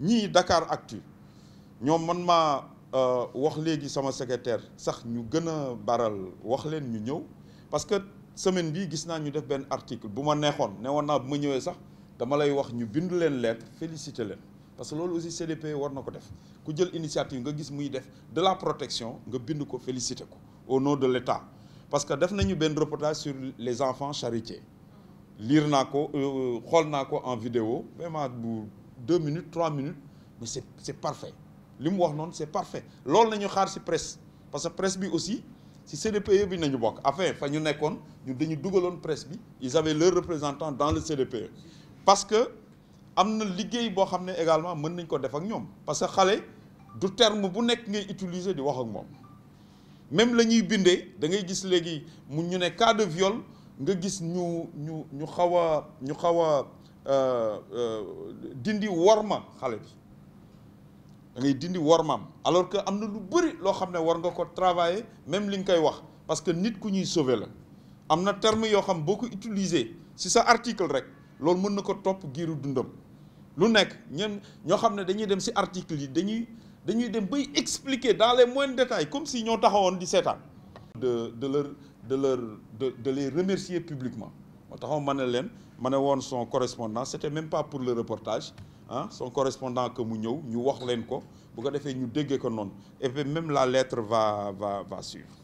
Ni Dakar Actu ñom man Nous euh, wax sama secrétaire sax ñu baral wax leen parce que semaine bi gis ñu def article buma neexon nous ne woon le sax dama lay wax ñu bind lettre parce que lolu aussi CDP war def ku jël initiative nga de la protection nga bind ko féliciter, au nom de l'État parce que def nañu un reportage sur les enfants charité lire nako euh, nako en vidéo deux minutes trois minutes mais c'est c'est parfait li mu wax c'est parfait loolu la ñu ci presse parce que presse bi aussi ci CDPE bi nañu bokk enfin fa ñu nekkoon ñu dañu dugaloon presse bi ils avaient leurs représentants dans le CDPE parce que am liguey bo boo également meun nañ ko def ak ñom parce que xalé du terme bu nek ngay utiliser di wax ak mom même lañuy bindé da ngay gis légui mu ñu né cas de viol nga gis ñu ñu ñu xawa ñu xawa euh, euh, dindi worma dindi alors que amna lu travailler même li parce que nit ku ñuy sauver la beaucoup terme utiliser ci sa article rek lool mën na ko giiru dundam lu expliquer dans les moindres détails comme si ño taxawon di sétane de de de les remercier publiquement je ne son correspondant c'était même pas pour le reportage hein, son correspondant que mu nous ñu wax nous ko bu ko et puis même la lettre va va va suivre